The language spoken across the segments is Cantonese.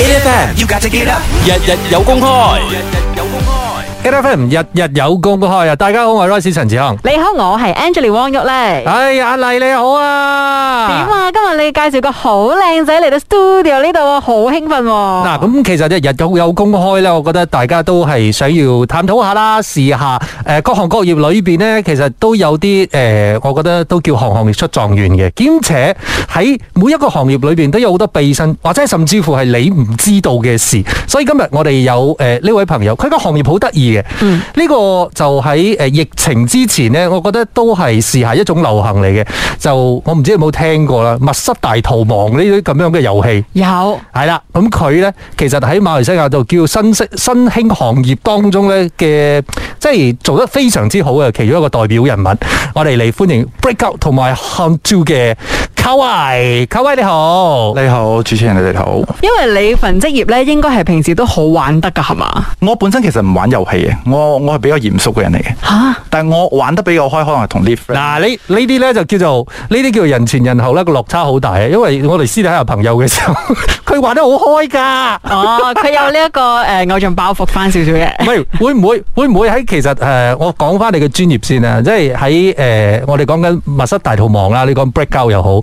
A. F. M. You got to get up，日日有公開，日日有公開。A. F. M. 日日有公開啊！大家好，我係 Royce 陳志康。你好，我係 Angelina 汪玉麗。哎，阿麗你好啊！點啊？今日你介紹個好靚仔嚟到 studio 呢度啊，好興奮喎！嗱，咁其實即係日日有公開咧，我覺得大家都係想要探討下啦，試下誒，各行各業裏邊咧，其實都有啲誒，我覺得都叫行行出狀元嘅，兼且。喺每一個行業裏邊都有好多秘辛，或者甚至乎係你唔知道嘅事。所以今日我哋有誒呢、呃、位朋友，佢個行業好得意嘅。呢、嗯、個就喺誒疫情之前呢，我覺得都係時下一種流行嚟嘅。就我唔知道你有冇聽過啦，《密室大逃亡這些這》呢啲咁樣嘅遊戲有係啦。咁佢、嗯、呢，其實喺馬來西亞度叫新式新興行業當中呢嘅，即、就、係、是、做得非常之好嘅其中一個代表人物。我哋嚟歡迎 Breakout 同埋 HAUNTU 嘅。嘉威，嘉威你好，你好，主持人你好。因為你份職業咧，應該係平時都好玩得噶，係嘛？我本身其實唔玩遊戲嘅，我我係比較嚴肅嘅人嚟嘅。吓蛤！但係我玩得比較開，可能同啲嗱，啊、呢呢啲咧就叫做呢啲叫做人前人後咧個落差好大啊！因為我哋私底下朋友嘅時候，佢 玩得好開噶。哦，佢有呢、這個 呃、一個誒，偶像包袱翻少少嘅。唔係，會唔會會唔會喺其實誒、呃，我講翻你嘅專業先啊，即係喺誒，我哋講緊密室大逃亡啊，你講 breakout 又好。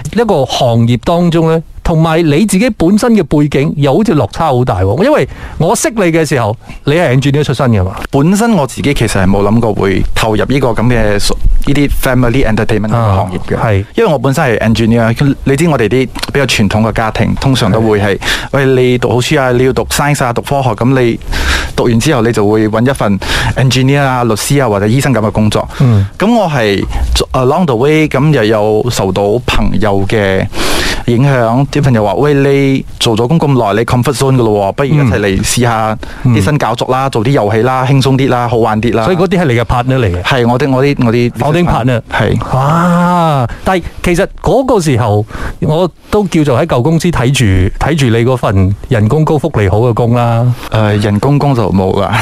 一個行業當中咧，同埋你自己本身嘅背景又好似落差好大，因為我識你嘅時候，你係 engineer 出身嘅嘛。本身我自己其實係冇諗過會投入呢個咁嘅呢啲 family entertainment 嘅、啊、行業嘅。係是，因為我本身係 engineer，你知我哋啲比較傳統嘅家庭，通常都會係，喂的、哎，你讀好書啊，你要讀 science 啊，讀科學，咁你讀完之後，你就會搵一份 engineer 啊、律師啊或者醫生咁嘅工作。嗯。咁我係 along the way，咁又有受到朋友。嘅影響，啲朋友話，喂，你做咗工咁耐，你 comfort zone 嘅咯，不如一齊嚟試下啲新教作啦，做啲遊戲啦，輕鬆啲啦，好玩啲啦。所以嗰啲係你嘅 partner 嚟嘅？係我哋我哋我哋我哋 partner 係。啊！但係其實嗰個時候，我都叫做喺舊公司睇住睇住你嗰份人工高、福利好嘅工啦。誒，人工工就冇啦。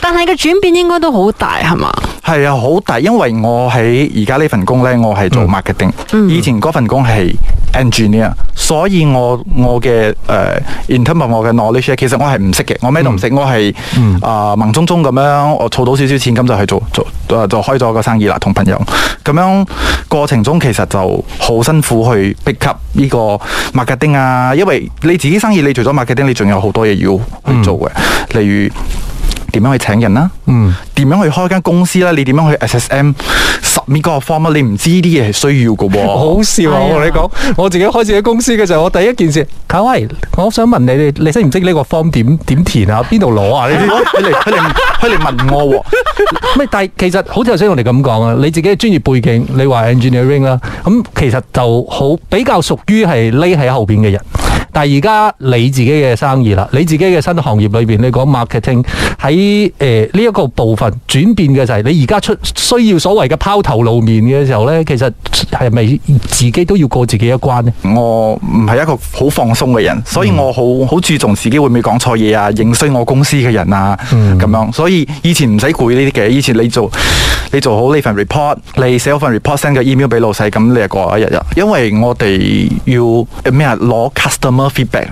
但係嘅轉變應該都好大，係嘛？係啊，好大，因為我喺而家呢份工咧，我係做 marketing。以前嗰份工係 engineer，所以我的、呃、我嘅誒 interview 我嘅 knowledge 其實我係唔識嘅，我咩都唔識，我係啊盲中中咁樣。我儲到少少錢，咁就去做做，做，就開咗個生意啦，同朋友咁樣。過程中其實就好辛苦去逼及呢個麥格丁啊，因為你自己生意，你除咗麥格丁，你仲有好多嘢要去做嘅，嗯、例如點樣去請人啦，嗯，點樣去開間公司啦，你點樣去 SSM？呢個 form 你唔知呢啲嘢係需要㗎喎、哦，好笑啊！我同、哎、呀你講，我自己開始喺公司嘅時候，我第一件事，嘉威，我想問你哋，你識唔識呢個 form 點點填啊？邊度攞啊？你啲佢嚟佢嚟佢嚟問我、哦。咩？ 但係其實好似頭先我哋咁講啊，你自己嘅專業背景，你話 engineering 啦，咁其實就好比較屬於係匿喺後面嘅人。但係而家你自己嘅生意啦，你自己嘅新行業裏邊，你講 marketing 喺、誒、呢一個部分轉變嘅就係你而家出需要所謂嘅拋頭露面嘅時候咧，其實係咪自己都要過自己一關咧？我唔係一個好放鬆嘅人，所以我好好注重自己會唔會講錯嘢啊，影衰我公司嘅人啊，咁、嗯、樣。所以以前唔使攰呢啲嘅，以前你做你做好呢份 report，你寫好份 report，send 個 email 俾老細，咁你就過一日日。因為我哋要咩攞 customer。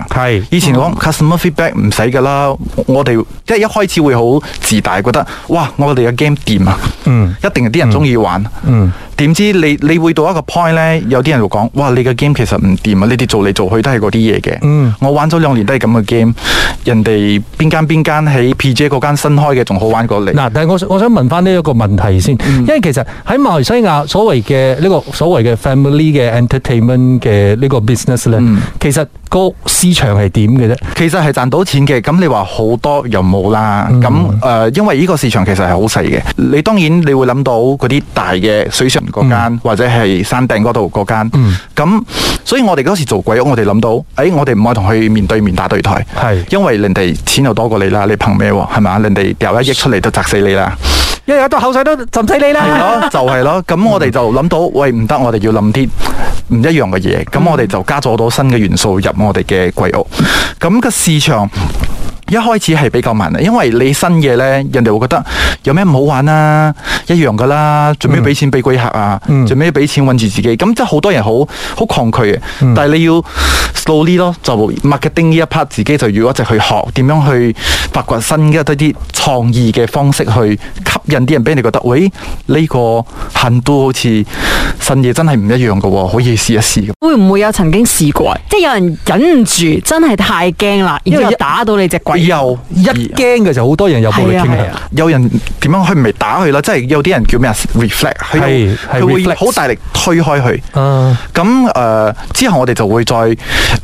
對，以前講、嗯、customer feedback 唔使㗎啦，我哋即係一開始會好自大，覺得哇我哋嘅 game 掂啊嗯嗯，嗯，一定係啲人中意玩，嗯。點知你你會到一個 point 咧？有啲人會講：哇！你個 game 其實唔掂啊！你哋做嚟做去都係嗰啲嘢嘅。嗯，我玩咗兩年都係咁嘅 game。人哋邊間邊間喺 P.J. 嗰間新開嘅仲好玩過你。嗱，但係我我想問翻呢一個問題先，嗯、因為其實喺馬來西亞所謂嘅、這個、呢個所謂嘅 family 嘅 entertainment 嘅呢個 business 咧，嗯、其實個市場係點嘅啫？其實係賺到錢嘅。咁你話好多又冇啦。咁誒、嗯呃，因為呢個市場其實係好細嘅。你當然你會諗到嗰啲大嘅水上。嗰間、嗯、或者係山頂嗰度嗰間，咁、嗯、所以我哋嗰時做鬼屋，我哋諗到，誒，我哋唔可以同佢面對面打對台，係是因為人哋錢又多過你啦，你憑咩？係咪，人哋掉一億出嚟都砸死你啦，一日都口水都浸死你啦，就係、是、咯，咁我哋就諗到，嗯、喂，唔得，我哋要諗啲唔一樣嘅嘢，咁我哋就加咗好多新嘅元素入我哋嘅鬼屋，咁、那個市場。嗯一開始係比較慢啊，因為你新嘅呢，人哋會覺得有咩唔好玩啊？一樣噶啦，最尾俾錢俾貴客啊，最尾俾錢揾住自己，咁、嗯、即係好多人好好抗拒嘅。嗯、但係你要 slow 啲咯，就 marketing 呢一 part，自己就要一直去學點樣去發掘新嘅一啲創意嘅方式去。印啲人俾你覺得，喂、哎、呢，這個行都好似信嘢，真係唔一樣喎。可以試一試。會唔會有曾經試過？即係有人忍唔住，真係太驚啦，然之後打到你隻鬼又一驚嘅時候，好多人又會驚嘅。啊啊、有人點樣去？佢唔係打佢啦，即、就、係、是、有啲人叫咩啊？reflect，佢會好大力推開佢。咁誒、啊呃，之後我哋就會再誒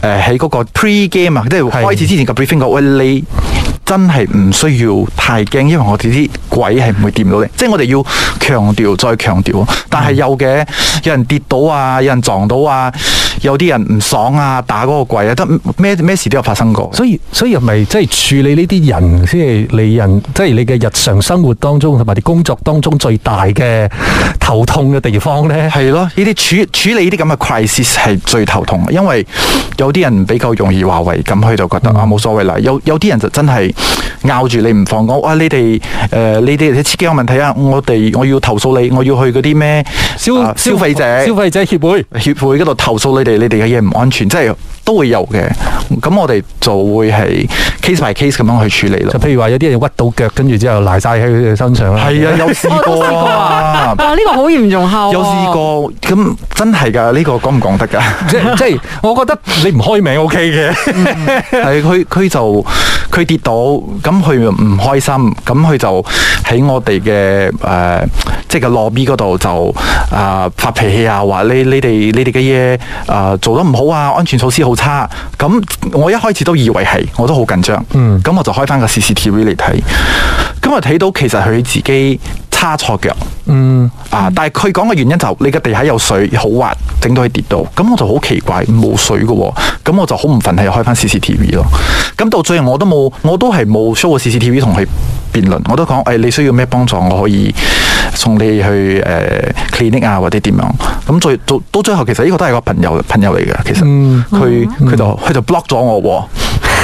喺嗰個 pregame 啊，即係開始之前嘅 briefing 喂、哎、你。真係唔需要太驚，因為我哋啲鬼係唔會掂到你。即係我哋要強調，再強調。但係有嘅，嗯、有人跌到啊，有人撞到啊。有啲人唔爽啊，打嗰個櫃啊，得咩咩事都有發生過所。所以所以咪即係處理呢啲人先係、就是、你人，即、就、係、是、你嘅日常生活當中同埋你工作當中最大嘅 頭痛嘅地方咧。係咯，呢啲處處理呢啲咁嘅怪事係最頭痛，因為有啲人比較容易話為咁，佢就覺得 啊冇所謂啦。有有啲人就真係拗住你唔放我，講哇你哋誒你哋你司機有問題啊，我哋、呃呃呃、我要投訴你，我要去嗰啲咩消消費者消費者協會協會嗰度投訴你。你哋嘅嘢唔安全，即係都會有嘅。咁我哋就會係 case by case 咁樣去處理咯。就譬如話有啲人屈到腳，跟住之後賴晒喺佢哋身上啦。係啊，有試過啊。 呢、啊，這個好嚴重下、啊，有試過咁真係噶？呢、這個講唔講得噶？即係我覺得你唔開名 O K 嘅，係佢佢就佢跌倒咁，佢唔開心，咁佢就喺我哋嘅誒，即係個 Lobby 嗰度就啊、呃、發脾氣啊，話你你哋你哋嘅嘢啊做得唔好啊，安全措施好差。咁我一開始都以為係，我都好緊張。嗯，咁我就開翻個 CCTV 嚟睇，咁我睇到其實佢自己。差錯腳，錯嗯啊，但係佢講嘅原因就是你嘅地下有水好滑，整到佢跌到，咁我就好奇怪冇水嘅、哦，咁我就好唔忿氣，開翻 CCTV 咯。咁到最後我都冇，我都係冇 show 過 CCTV 同佢辯論，我都講誒、哎、你需要咩幫助，我可以送你去誒 clinic、呃、啊或者點樣。咁最到到最後，其實呢個都係個朋友朋友嚟嘅。其實佢佢就佢就 block 咗我，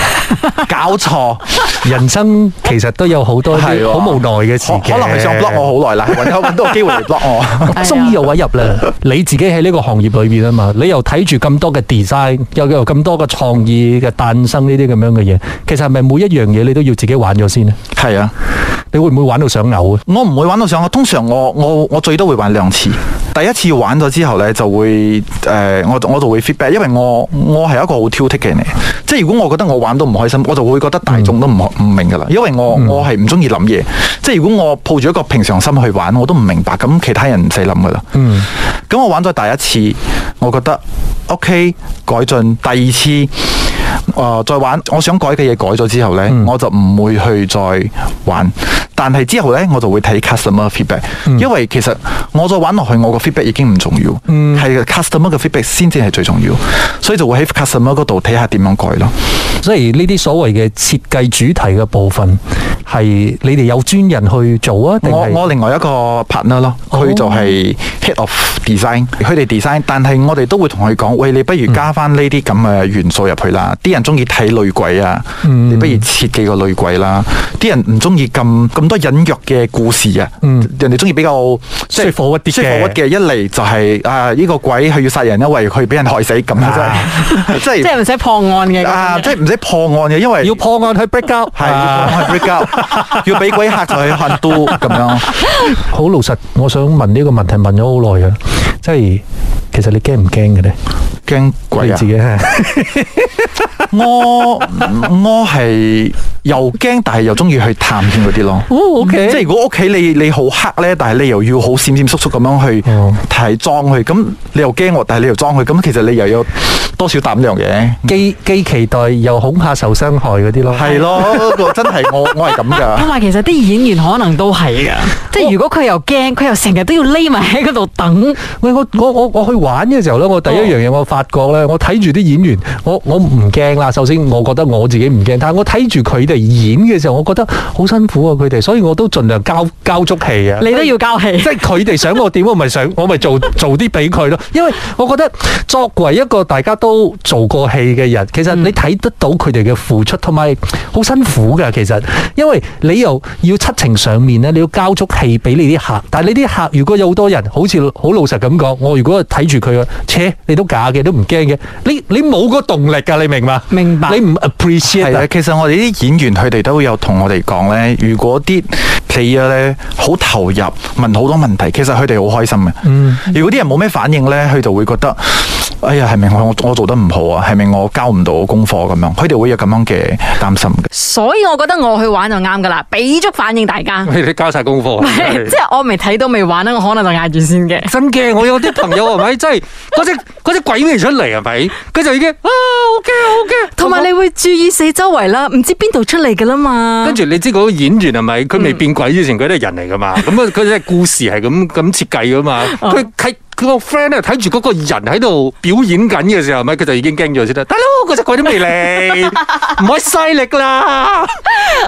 搞錯錯。 人生其實都有好多好無奈嘅事嘅，可能係想 block 我好耐啦，或者揾到個機會嚟 block 我。 終於有位入啦。你自己喺呢個行業裏面啊嘛，你又睇住咁多嘅 design，又有咁多嘅創意嘅誕生呢啲咁樣嘅嘢，其實係咪每一樣嘢你都要自己玩咗先呢？係啊，的你會唔會玩到想嘔？我唔會玩到想嘔，通常我我我最多會玩兩次，第一次玩咗之後呢就會誒，我、呃、我就會 feedback，因為我我係一個好挑剔嘅人嚟，即係如果我覺得我玩到唔開心，我就會覺得大眾都唔開心。嗯唔明噶啦，因為我我係唔中意諗嘢，嗯、即係如果我抱住一個平常心去玩，我都唔明白，咁其他人唔使諗噶啦。咁、嗯、我玩咗第一次，我覺得 OK，改進，第二次、呃、再玩，我想改嘅嘢改咗之後呢，嗯、我就唔會去再玩。但係之後咧，我就會睇 customer feedback，、嗯、因為其實我再玩落去，我個 feedback 已經唔重要，係、嗯、customer 嘅 feedback 先至係最重要，所以就會喺 customer 嗰度睇下點樣改咯。所以呢啲所謂嘅設計主題嘅部分，係你哋有專人去做啊？定我我另外一個 partner 咯，佢就係 head of design，佢哋、哦、design，但係我哋都會同佢講，喂，你不如加翻呢啲咁嘅元素入去啦，啲、嗯、人中意睇女鬼啊，你不如設計個女鬼啦，啲、嗯、人唔中意咁。咁多隱約嘅故事啊，人哋中意比較即係火郁啲嘅，火郁嘅一嚟，就係啊呢個鬼係要殺人，因為佢俾人害死咁啊，即係即係唔使破案嘅啊，即係唔使破案嘅，因為要破案去 break out，係要破案 break out，要俾鬼吓就去吓都咁樣。好老實，我想問呢個問題問咗好耐啊，即係其實你驚唔驚嘅咧？驚鬼自己啊！我我係。又驚，但係又中意去探嗰啲咯。o K。即係如果屋企你你好黑咧，但係你又要好閃閃縮縮咁樣去提裝佢，咁你又驚我，但係你又裝佢。咁其實你又有多少膽量嘅？既既期待又恐怕受傷害嗰啲咯。係咯，真係我 我係咁噶。同埋其實啲演員可能都係噶， 即係如果佢又驚，佢又成日都要匿埋喺嗰度等。喂，我我我去玩嘅時候咧，我第一樣嘢我發覺咧，oh。我睇住啲演員，我我唔驚啦。首先我覺得我自己唔驚，但係我睇住佢演嘅時候，我覺得好辛苦啊，佢哋，所以我都盡量交交足戲啊。你都要交戲，即係佢哋想我點，我咪想，我咪做 做啲俾佢咯。因為我覺得作為一個大家都做過戲嘅人，其實你睇得到佢哋嘅付出，同埋好辛苦噶，其實，因為你又要七情上面咧，你要交足戲俾你啲客，但係你啲客如果有好多人，好似好老實咁講，我如果睇住佢啊切，你都假嘅，都唔驚嘅。你你冇個動力噶，你明嘛？明白。你唔 appreciate 係啊？其實我哋啲演員佢哋都有同我哋講呢，如果啲 P 咧好投入問好多問題，其實佢哋好開心嘅。嗯，如果啲人冇咩反應呢，佢就會覺得。哎呀，係咪我我做得唔好啊？係咪我交唔到功課咁樣？佢哋會有咁樣嘅擔心嘅。所以我覺得我去玩就啱噶啦，俾足反應大家。你們交晒功課，不即係我未睇到未玩咧，我可能就嗌住先嘅。真驚！我有啲朋友係咪 真係嗰隻隻鬼未出嚟啊？咪，佢就已經 啊好 k 好 k 同埋你會注意四周圍啦，唔知邊度出嚟噶啦嘛？跟住你知嗰個演員係咪？佢未變鬼之前，佢都係人嚟噶嘛？咁啊，佢哋故事係咁咁設計噶嘛？佢、哦個 friend 咧，睇住嗰個人喺度表演緊嘅時候，咪佢就已經驚咗先得。得咯，嗰隻鬼都未嚟，唔可以犀力啦。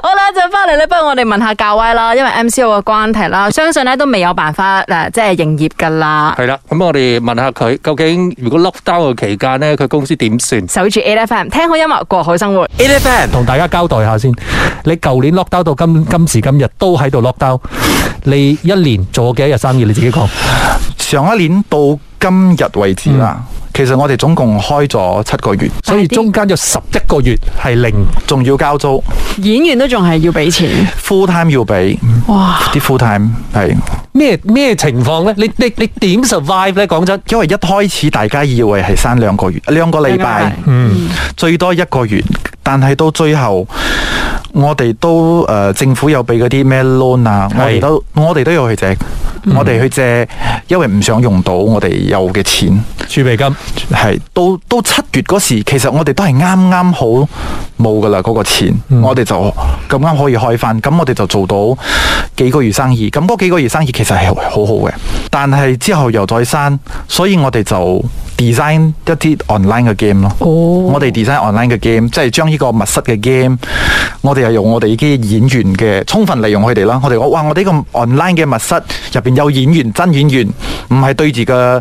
好啦，就翻嚟咧。不如我哋問下嘉威啦，因為 M C 嗰個關係啦，相信咧都未有辦法誒，即係營業噶啦。係啦，咁我哋問下佢究竟如果 lock down 嘅期間咧，佢公司點算？守住 A F M，聽好音樂過好生活。A F M 同大家交代下先，你舊年 lock down 到今今時今日都喺度 lock down，你一年做幾多日生意？你自己講。上一年到今日為止啦，嗯、其實我哋總共開咗七個月，所以中間有十一個月係零，仲、嗯、要交租。演員都仲係要俾錢，full time 要俾。哇！啲 full time 係咩咩情況呢？你你你點 survive 呢？講真，因為一開始大家以為係三兩個月，兩個禮拜，嗯，最多一個月，但係到最後。我哋都誒、呃，政府有俾嗰啲咩 loan 啊，是我哋都我哋都要去借，嗯、我哋去借，因為唔想用到我哋有嘅錢儲備金，係到到七月嗰時，其實我哋都係啱啱好冇噶啦。嗰、嗰個錢、嗯、我哋就咁啱可以開翻，咁我哋就做到幾個月生意。咁嗰幾個月生意其實係好好嘅，但係之後又再生，所以我哋就。design 一啲 online 嘅 game 咯，oh. 我哋 design online 嘅 game，即係將呢個密室嘅 game，我哋又用我哋啲演員嘅，充分利用佢哋啦。我哋話，哇，我哋呢個 online 嘅密室入邊有演員真演員，唔係對住個、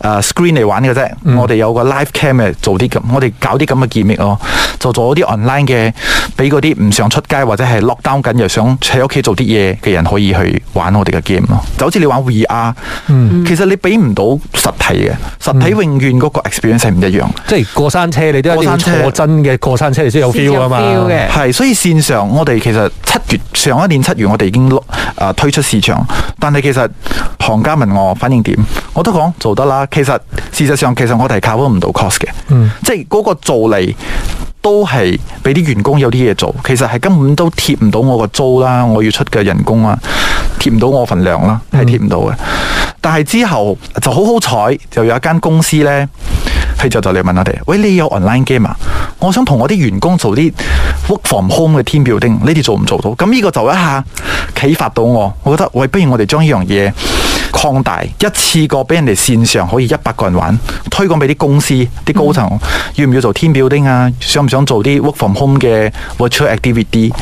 uh, screen 嚟玩嘅啫。Mm. 我哋有個 live cam 嘅做啲，咁，我哋搞啲咁嘅 game 咯，就做啲 online 嘅，俾嗰啲唔想出街或者係 lockdown 緊又想喺屋企做啲嘢嘅人可以去玩我哋嘅 game 咯。就好似你玩 VR，、mm. 其實你俾唔到實體嘅，實體永。Mm. 券個 experience 唔一樣，即係過，過山車，你都要坐真嘅過山車你先有 feel 啊嘛，係，所以線上我哋其實七月上一年七月我哋已經、呃、推出市場，但係其實行家問我反應點？我都講做得啦，其實事實上其實我哋係靠唔到 cost 嘅，嗯、即係嗰個做嚟都係俾啲員工有啲嘢做，其實係根本都貼唔到我個租啦，我要出嘅人工啊，貼唔到我份量啦，係貼唔到嘅。但係之後就好好彩，就有一間公司呢。係就就嚟問我哋，喂，你有 online game 啊？我想同我啲員工做啲 work from home 嘅 team building，你哋做唔做到？咁呢個就一下啟發到我，我覺得喂，不如我哋將呢樣嘢。放大一次過俾人哋線上可以一百個人玩，推廣俾啲公司啲高層，嗯、要唔要做 team building 啊？想唔想做啲 work from home 嘅 virtual activity？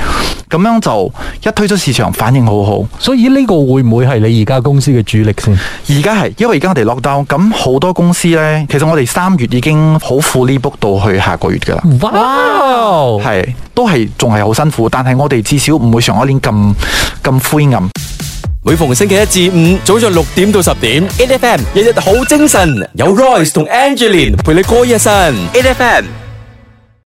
咁樣就一推出市場反應好好，所以呢個會唔會係你而家公司嘅主力先？而家係，因為而家我哋落單，咁好多公司呢，其實我哋三月已經好 full 呢 book 到去下個月噶啦。哇 Wow!，係都係仲係好辛苦，但係我哋至少唔會上一年咁咁灰暗。每逢星期一至五，早上六點到十點，NFM 日日好精神，有 Royce 同 Angeline 陪你歌一晨 NFM。